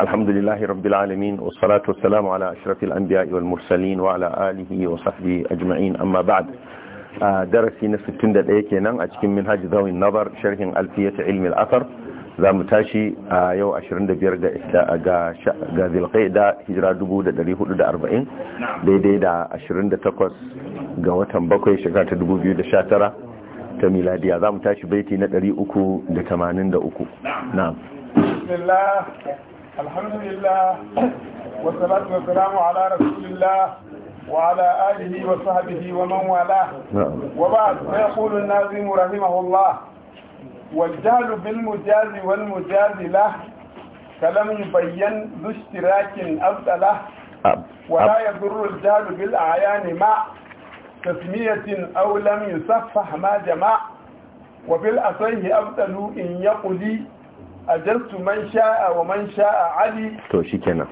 الحمد لله رب العالمين والصلاة والسلام على أشرف الأنبياء والمرسلين وعلى آله وصحبه أجمعين أما بعد درسي نفس التندة الأيكينا أتكم من هاج ذوي النظر شرح ألفية علم الأثر ذا متاشي يو أشرين دبير غا ذي القيدة هجرة دبو دا دريه دا أربعين دي دي دا أشرين دا تقوس غا وطن بكوي شكات دبو بيو دا شاترة تميلادية ذا متاشي بيتي ندري أكو دا تمانين دا أكو نعم بسم الله الحمد لله والصلاة والسلام على رسول الله وعلى آله وصحبه ومن والاه نعم. وبعد فيقول الناظم رحمه الله والجهل بالمجاز والمجاز له فلم يبين ذو اشتراك أبدله ولا يضر الجهل بالأعيان مع تسمية أو لم يصفح ما جمع وبالأصيه أفضل إن يقلي ajartu man sha'a wa man sha'a ali to shikenan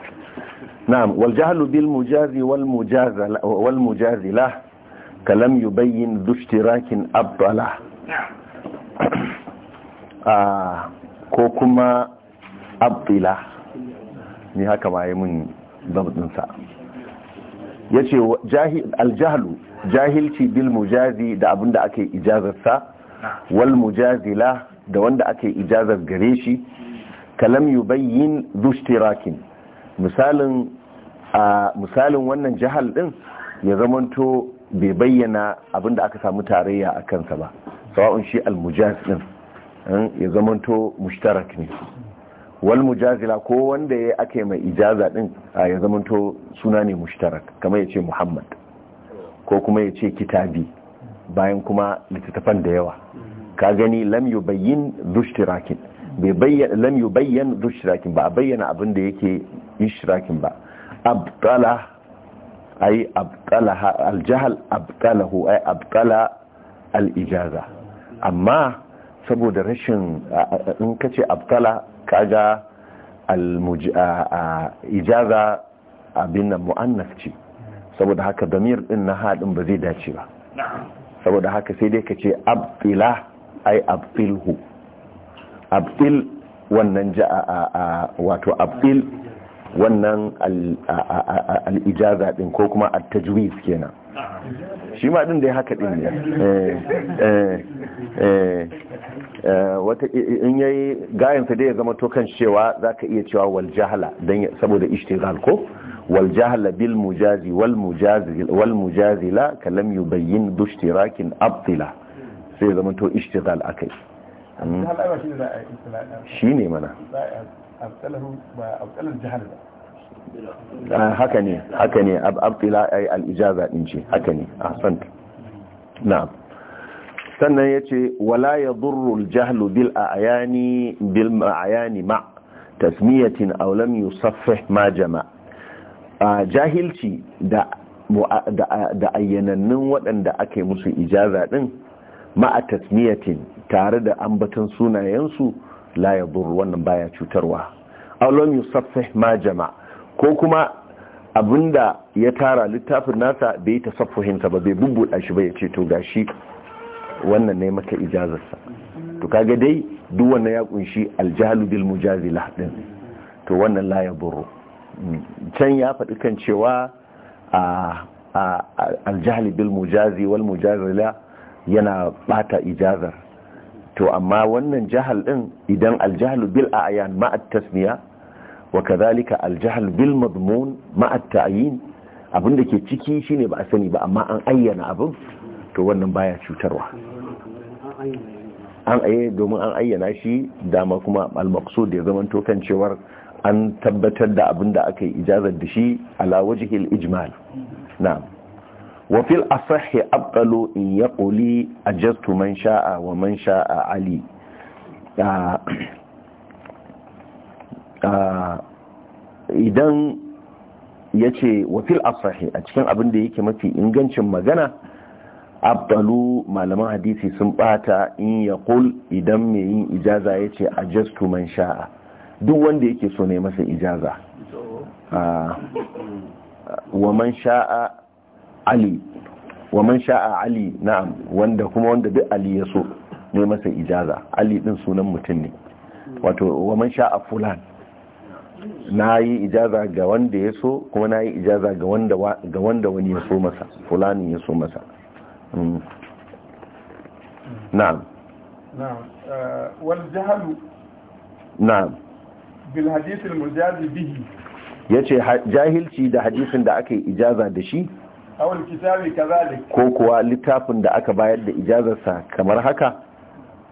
na'am wal jahlu bil mujazi wal mujazala wal mujazila kalam yubayyin dushtirakin abdala a ah, ko kuma abdila ni haka ma yi mun babdinsa ya al aljahalu jahilci bil mujazi da abinda aka ijazarsa wal mujazila da wanda aka ijazar gare shi kalam yubayyin dushtirakin misalin a misalin wannan jihar din ya zamanto bai bayyana abinda aka samu tarayya a kansa ba sawa'un shi almujaz din hmm, ya zamanto mushtarak ne wal mujazila ko wanda ya ake mai ijaza din ya zamanto suna ne mushtarak kamar ya ce muhammad ko kuma ya ce kitabi bayan kuma littattafan da yawa ka gani lam yi dushtirakin bai bayyana ba a bayyana abin da yake shirakin ba abdala ay abtala aljahl abtalahu ay abdala alijaza amma saboda rashin in kace ka kaga ijaza abin nan mu'annaf ce saboda haka damir din na haɗin ba zai dace ba saboda haka sai dai ka ce abtila ai abfilhu abfil wannan a wato abfil wannan al'ijaza din ko kuma at-tajwiz kenan shi ma din ya haka din ne eh, eh, eh, wata in yayi gayansa dai ya zama to kan cewa ka iya cewa wal saboda ishtighal ko wal bil mujazi wal mujazi wal mujazila kalam yubayyin du ishtirakin abtila sai ya zamanto ishtigal akai shi ne mana haka ne haka ne abtila ijaza din ce haka ne ahsan na'am sannan yace wala yadurru al-jahl bil ayani bil ma'ayani ma tasmiyatin aw lam yusaffih ma jama jahilci da da ayyanannun waɗanda ake musu ijaza din ma'a tasmiyatin tare da ambaton sunayensu la ya wannan baya cutarwa aulon yusaffih ma jama ko kuma abinda ya tara littafin nasa bai ta saffuhinsa ba bai bubbuɗa shi ba ya ce to gashi wannan ne maka ijazarsa to kaga dai duk wannan ya kunshi aljahalu bil mujazila din to wannan la ya buru can ya faɗi kan cewa a aljahali bil mujazi wal mujazila yana bata ijazar to amma wannan jahal din idan aljahlu bil ayan ma at tasmiya wa kadhalika aljahl bil madmun ma at ta'yin abinda ke ciki shine ba a sani ba amma an ayyana abin to wannan baya cutarwa an aye domin an ayyana shi dama kuma al-maqsud ya zama to kan cewar an tabbatar da abinda aka yi ijazar da shi ala wajhil ijmal na'am asahi وفي الأصح أبطل إن يقولي man sha'a wa man sha'a Ali. idan ya ce wafil asahi a cikin abin da yake mafi ingancin magana abdalu malaman hadisi sun bata in ya kul idan mai yin ijaza ya ce a jastu man sha'a duk wanda yake so ne masa ijaza wa man sha'a ali wa man sha'a ali na'am wanda kuma wanda duk ali ya so ne masa ijaza ali din sunan mutum ne wato wa man sha'a fulan na yi ijaza ga wanda ya so kuma na yi ijaza ga wanda wani ya so masa fulani ya so masa mm. na'am uh, wal jahalu na'am bil hadith al mujazi bihi yace jahilci da hadisin da aka yi ijaza da shi awal kitabi kazalik ko kuwa littafin da aka bayar da ijazarsa kamar haka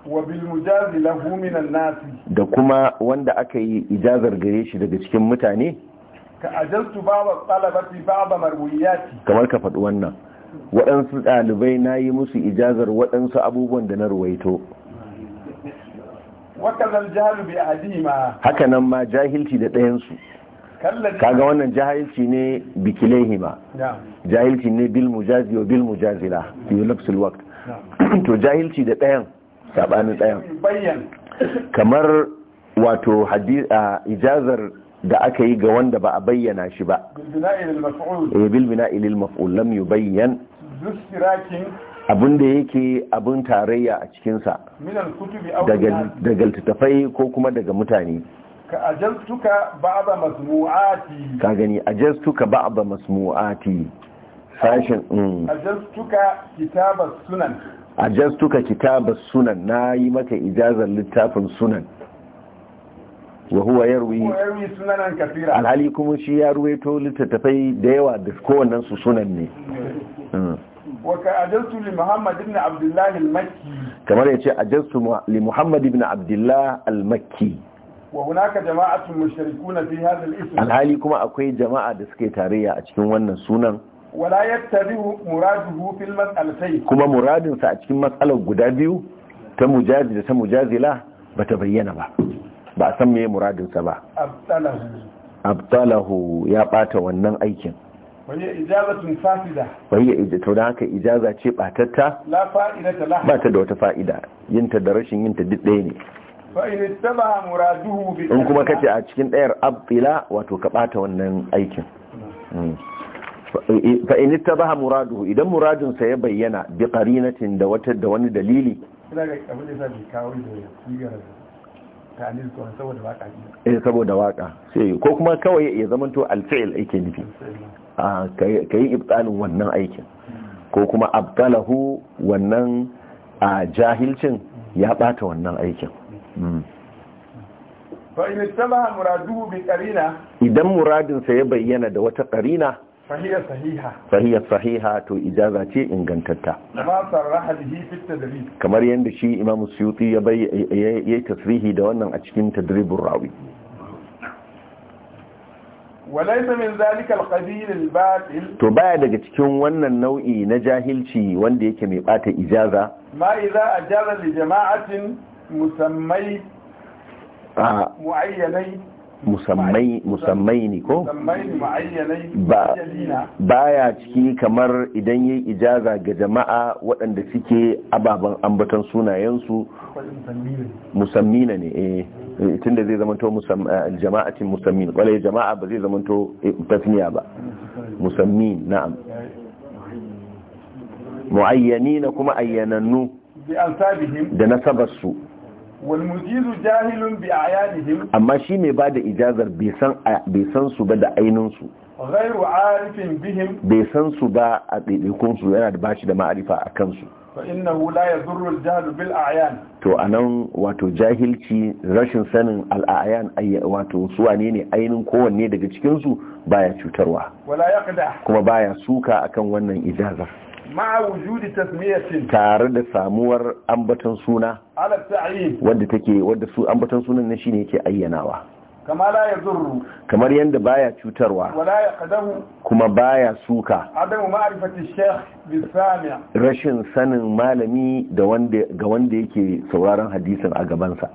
wa bil mujazi lahu min an-nas da kuma wanda aka yi ijazar gare shi daga cikin mutane ka ajaltu baba talabati baba marwiyati kamar ka faɗi wannan waɗansu ɗalibai na yi musu ijazar waɗansu abubuwan da na ruwaito wakazan jahalu bi adima haka nan ma jahilci da ɗayansu kaga wannan jahilci ne ma jahilci ne bil mujazi wa bil mujazila fi lafsul waqt to jahilci da ɗayan sabanin ɗayan kamar wato ijazar da aka yi ga wanda ba a bayyana shi ba bil bina ilil eh, maf'ul lam yubayyan abin yake abin tarayya a cikinsa daga littattafai ko kuma daga mutane ka ajastuka ba'da masmu'ati ka gani ajastuka ba'da masmu'ati fashion mm ajastuka kitabas sunan ajastuka kitabas sunan nayi maka ijazar littafin sunan wa huwa yarwi sunanan kafira. alhali kuma shi ya ruwaito littattafai da yawa da kowannen su sunan ne mm. Wa waka ajastu li muhammad ibn abdullah al-makki kamar yace ajastu li muhammad ibn abdullah al-makki wa hunaka jama'atun mushrikuna fi hadha al-ism alhali kuma akwai jama'a da suke tarayya a cikin wannan sunan wala yattabi'u muraduhu fil mas'alatayn kuma muradin sa a cikin mas'alar guda biyu ta mujazi da ta mujazila bata bayyana ba ba a san meye muradin sa ba abtalahu ya bata wannan aikin waye ijazatun fasida wani to da haka ijaza ce batatta la fa'idata laha ba ta da wata fa'ida yinta da rashin yinta duk ɗaya ne in kuma kace a cikin ɗayar abila wato ka bata wannan aikin hmm. fa in muraduhu idan muradun sa ya bayyana bi qarinatin da wata da wani dalili saboda waka eh, sai ko kuma kawai ya zamanto alfi'il yake nufi a ah, kai ibtalin wannan aikin hmm. ko kuma abdalahu wannan a ah, jahilcin ya bata wannan aikin fa'in ittaba muradu bi qarina idan muradin sa ya bayyana da wata qarina Sahiha, sahiha Sahiha, sahiha to ijaza ce ingantatta ma sarraha bihi fi tadrib kamar yanda shi imamu suyuti ya yayi tasrihi da wannan a cikin tadribur rawi walaisa min zalika alqabil albatil to baya daga cikin wannan nau'i na jahilci wanda yake mai bata ijaza ma iza ajaza li jama'atin musammai mu'ayyanai ko ba ya ciki kamar idan yi ijaza ga jama'a waɗanda suke ababen ambatan sunayensu musammina ne eh, eh tun da zai zamanto eh, jama'atin musammin kwalai jama'a ba zai zamanto eh, tasniya ba musammin na'am mu'ayyani na kuma ayyanannu da nasabarsu walmujizu jahilun bi ayanihim amma shi mai bada ijazar bai san bai san su ba da ainun su ghairu arifin bihim bai san su ba a daidaikun su yana da bashi da ma'arifa a kansu fa innahu la yadurru al-jahl bil a'yan to anan wato jahilci rashin sanin al-a'yan wato su wane ne ainihin kowanne daga cikin su baya cutarwa wala yaqda kuma baya suka akan wannan ijazar ma'a wujudi tasmiyatin tare da samuwar ambaton suna ala ta'yin wanda take wanda su ambaton sunan ne shine yake ayyanawa kama la yazurru kamar yanda baya cutarwa wala ya yaqdahu kuma baya suka adamu ma'rifati shaykh bisami' rashin sanin malami da wanda ga wanda yake sauraron hadisin a gaban sa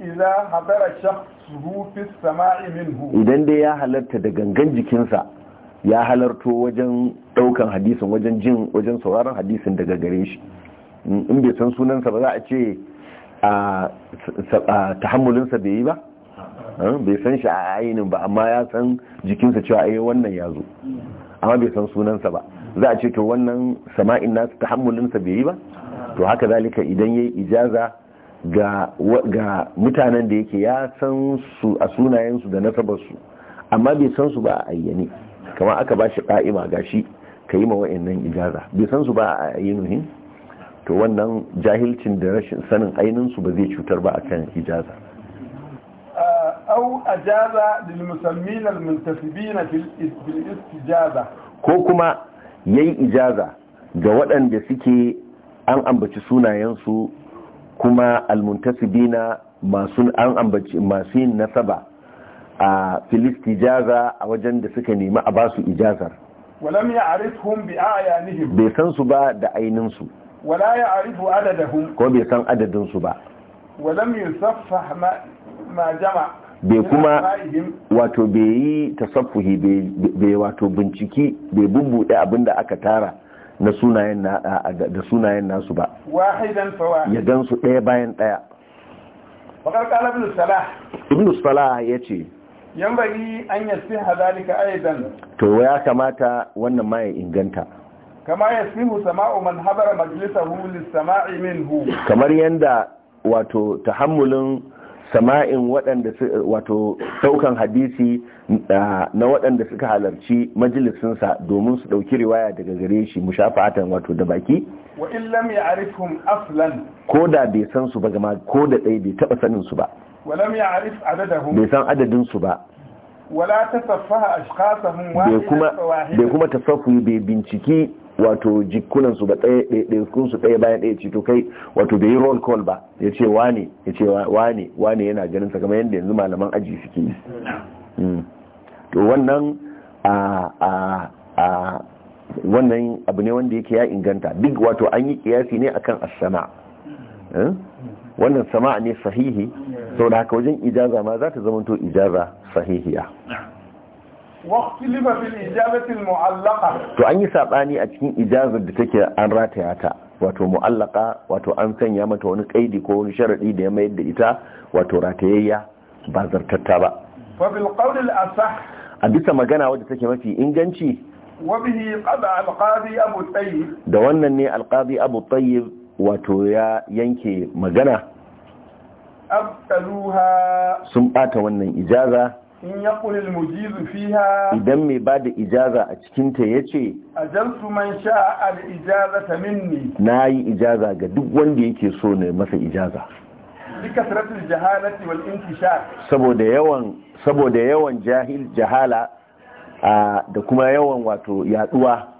idza hadara shakhsuhu fi samai minhu idan dai ya halarta da gangan jikinsa ya halarto wajen daukan hadisin wajen jin wajen sauraron hadisin daga gare shi in bai san sunansa ba za a ce a tahammulinsa bai yi ba bai san shi a ainihin ba amma ya san jikinsa cewa "Ayi, wannan ya zo amma bai san sunansa ba za a ce to wannan sama'in nasu tahammulinsa bai yi ba to haka zalika idan ya yi ijaza ga mutanen da yake ya san su a sunayensu da nasabarsu amma bai san su ba a ayyane kamar aka ba shi ƙa'ima ga shi ka yi ma nan ijaza bai san su ba a ainihin to wannan jahilcin da rashin sanin ainihin su ba zai cutar ba a kan ijaza au ajaza jaza musammin al muntasibin fil istijaza ko kuma ya yi ijaza ga waɗanda suke an ambaci sunayensu kuma almuntasibina masu an ambaci masu yin nasaba a filist ijaza a wajen da suka nemi a basu ijazar walam ya arifhum bi ayanihim bai san su ba da ainin su wala ya arifu adadahum ko bai san adadin su ba walam yusaffah ma jama bai kuma wato bai yi tasaffuhi bai wato binciki bai bubbude abinda aka tara na sunayen na da sunayen nasu ba wahidan fawa ya gansu ɗaya bayan ɗaya. Bakar Ibn Salah. Ibn Salah ya ce, yanbaghi an yasiha zalika aidan to ya kamata wannan ma inganta kama yasihu sama'u man habara majlisahu lis-sama'i minhu kamar yanda wato tahammulin sama'in waɗanda wato daukan hadisi na waɗanda suka halarci majalisinsa domin su ɗauki riwaya daga gare shi mushafa'atan wato da baki wa in lam ya'rifhum aslan ko da bai san su ba gama ko da ɗaya bai taɓa sanin su ba ولم يعرف عددهم بيسان عددين سبا ولا تصفها أشخاصهم واحدة بيكما تصفوا ببنشكي wato jikunansu ba ɗaiɗaikunsu ɗaya bayan ɗaya ce to kai wato bai yi roll call ba ya ce wane ya ce wane wane yana ganin sa kamar yadda yanzu malaman aji suke yi mm. to wannan a a wannan abu ne wanda yake ya inganta duk wato an yi kiyasi ne akan asama Eh? wannan sama'a ne sahihi sau da haka wajen ijaza ma za ta zamanto ijaza sahihiya to an yi saɓani a cikin ijazar da take an rataya ta wato mu'allaka wato an sanya mata wani kaidi ko wani sharaɗi da ya mayar da ita wato ratayayya ba zartatta ba a bisa magana wadda take mafi inganci da wannan ne alƙadi abu tayyib wato ya yanke magana sun bata wannan ijaza in ya kulil mujizu fiha idan mai ba da ijaza a cikinta ya ce ajaltu man sha'a al ijaza ta minni na yi ijaza ga duk wanda yake so ne masa ijaza bikasratul jahalati wal intishar saboda yawan saboda yawan jahil jahala da kuma yawan wato yaduwa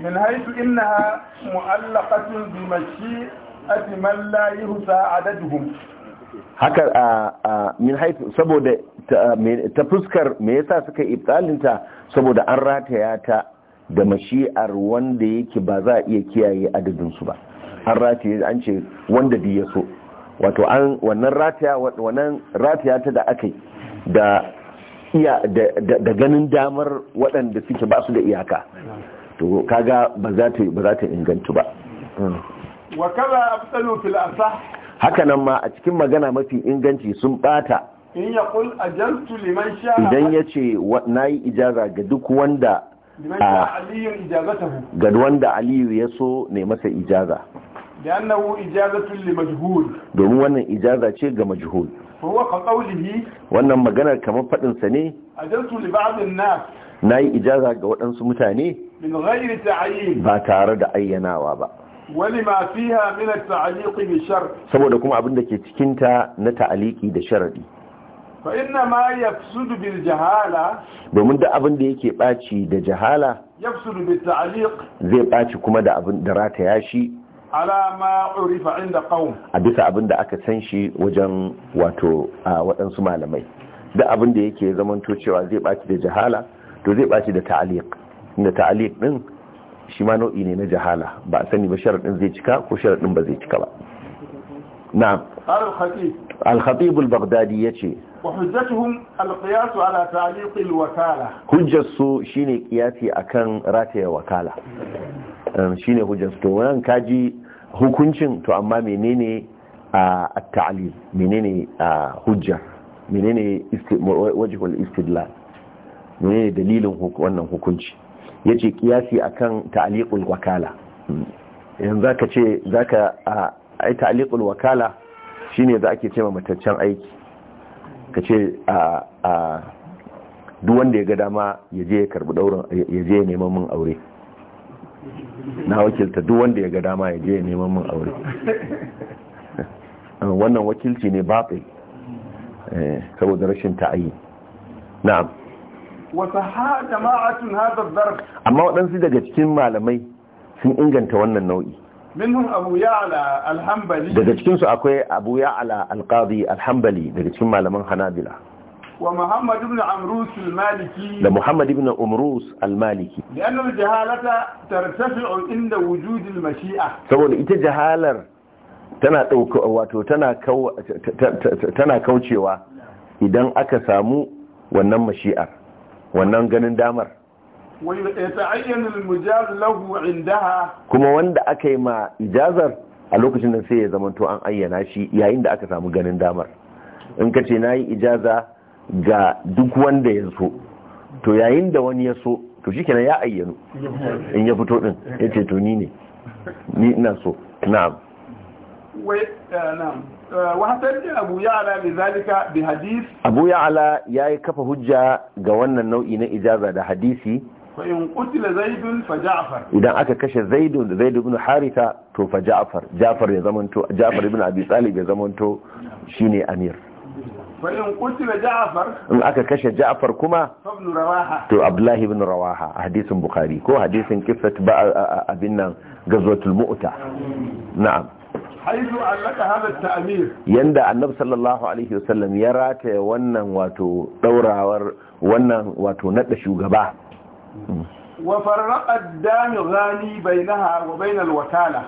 min haitu innaha mu'allaqatun bi mashi'ati man la yuhsa adaduhum haka a min haitu saboda ta fuskar me yasa suka ibtalinta saboda an rataya ta da mashi'ar wanda yake ba za a iya kiyaye adadin su ba an rataya an ce wanda bi ya so wato an wannan rataya wannan rataya ta da aka yi. da ganin damar waɗanda suke ba su da iyaka to kaga ba za ta ba za ta inganta ba hmm. wa kaza fil asah haka nan ma a cikin magana mafi inganci sun bata in ya kul ajaltu liman sha idan yace nayi ijaza ga duk wanda ah, ga wanda aliyu ya so ne masa ijaza ijaza ce ga majhul huwa ka شيء wannan magana kamar fadin sa ne ajaltu li ba'd an nas nayi ijaza ga mutane min ghairi ta'yin ba tare da ayyanawa ba Wani ma fiha min at-ta'liq bi shar saboda kuma abin da ke cikin ta na ta'liqi da sharadi fa inna ma yafsudu bil jahala domin da abin da yake baci da jahala yafsudu bil ta'liq zai baci kuma da abin da rata yashi ala ma urifa inda qaum a bisa abin da aka san shi wajen wato a waɗansu malamai da abin da yake zamanto cewa zai baci da jahala to zai baci da ta'liq inda ta'aliq din shi ma nau'i ne na jahala ba a sani ba sharadin zai cika ko sharadin ba zai cika ba na'am al-khatib al-baghdadi yace hujjatuhum al-qiyas ala ta'liq al-wakala hujjatu shine qiyasi akan rataya wakala um, shine hujjatu to wannan kaji hukuncin to amma menene at-ta'lil menene hujja menene wajhul istidlal menene dalilin wannan hukunci ya ce kiyasi a kan ta'aliƙul wakala yanzu za ka ce za ka yi ta'aliƙul wakala shi ne za ake ce mataccen aiki ka ce a duk wanda ya ga dama ya je ya karbi daurin ya je ya neman min aure na wakilta duk wanda ya ga dama ya je ya neman min aure wannan wakilci ne batil eh, saboda rashin ta'ayi na'am amma waɗansu daga cikin malamai sun inganta wannan nau'i abu daga cikinsu akwai abu al-qadi al alhambali daga cikin malaman hanabila wa muhammad ibn amrus al-maliki da muhammad ibn amrus al-maliki lianna jahalata tartafi'u inda wujud al-mashi'a saboda ita jahalar tana dauka wato tana tana kaucewa idan aka samu wannan mashi'ar wannan ganin damar kuma wanda aka yi ma ijazar a lokacin da sai ya zamanto an ayyana shi yayin da aka samu ganin damar in ka ce na yi ijaza ga duk wanda ya so to yayin da wani ya so to shi kenan ya ayyano in ya fito din ya ce to ni ne ni ina so na'am eh, Eh, wahatanni abu ya ala li zalika bi hadis abu ya ala yayi kafa hujja ga wannan nau'i na ijaza da hadisi fa in qutila fa ja'far idan aka kashe zaid Zaidun ibn haritha to fa ja'far ja'far ya zamanto ja'far ibn abi talib ya zamanto ne amir fa in qutila in aka kashe ja'far kuma to Abdullahi ibn rawaha hadisin bukhari ko hadisin kifat ba abin nan gazwatul mu'ta na'am allaka yanda annabi sallallahu alaihi wasallam ya rataya wannan wato daurawar wannan wato nada shugaba wa farraqa ad-dami ghani bainaha wa bainal wakala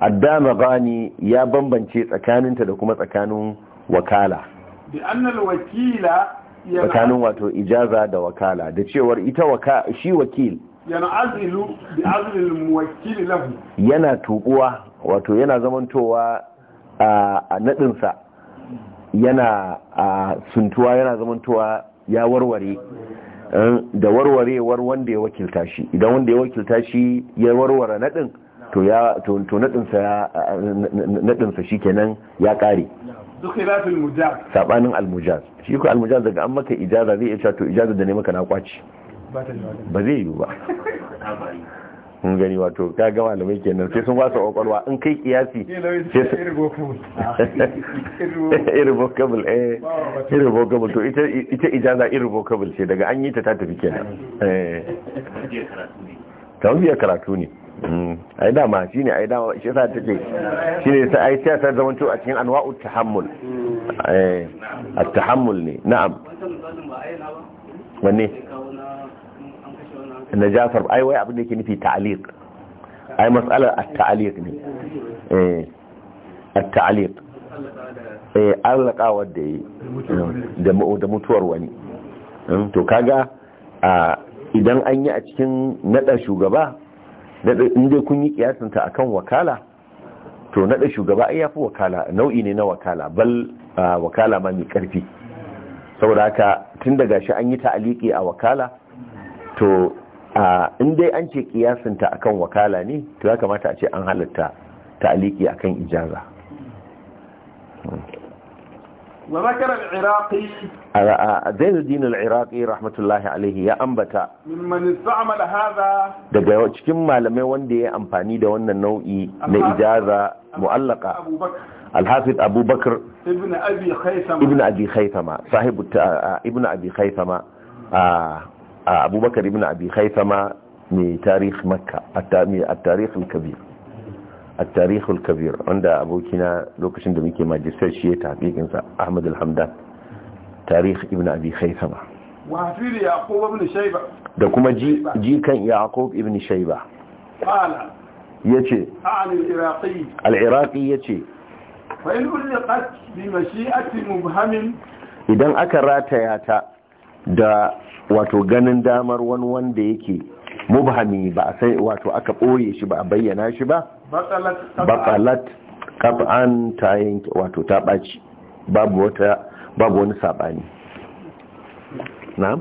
ad-dami ghani ya bambance tsakaninta da kuma tsakanin wakala bi annal wakila tsakanin wato ijaza da wakala da cewar ita waka shi wakil yana azilu bi azlil muwakkil lahu yana tubuwa wato yana zamantowa a naɗinsa yana a suntuwa yana zamantowa ya warware eh, da warwarewar wanda ya wakilta shi idan wanda ya wakilta shi ya warware naɗin to ya to naɗinsa shi kenan ya ƙare Sabanin almujaz shi ku almujaz daga an maka ijaza zai iya to ijaza da ne maka na kwaci ba zai yiwu ba mun gani wato ka ga malamai kenan sai sun wasa kwakwalwa in kai kiyasi irrevocable eh irrevocable to ita ita ijaza irrevocable ce daga an yi ta ta tafi kenan eh biya karatu ne hmm. ai dama shine ne ai dama shi sa take shine sai ai sai ta zama to a cikin anwa'ut tahammul eh at-tahammul ne na'am wanne na jafar ai wai abin da yake nufi ta'aliq ai mas'alar at-ta'aliq ne eh at-ta'aliq eh alaka wadda yi da da mutuwar wani hmm, to kaga idan an yi a cikin nada shugaba in dai kun yi kiyasanta akan wakala to nada shugaba ai yafi wakala nau'i ne na wakala bal wakala ma mai karfi saboda haka tun daga shi an yi ta'aliki a wakala to in dai an ce kiyasinta a kan wakala ne to ya kamata a ce an halitta ta akan a kan ijaza zai dinar iraki rahmatullahi alaihi ya ambata daga cikin malamai wanda ya yi amfani da wannan nau'i na ijaza mu'allaka alhafi abubakar ibn abi khaifama A abubakar ibn abi haifama mai tarih makka a tarihul kabir a tarihul kabir wanda abokina lokacin da muke majistar shi ya tafiƙinsa ahmad alhamdan tarih ibn abi haifama da kuma jikan yaqub ibn shaiba ya ce al'iraƙi ya ce idan aka rataya ta da wato ganin damar wani wanda yake mubhami ba a sai wato aka ɓoye shi ba a bayyana shi ba bakalat kaf'an ta yanke wato ta ɓaci babu wani saɓani na.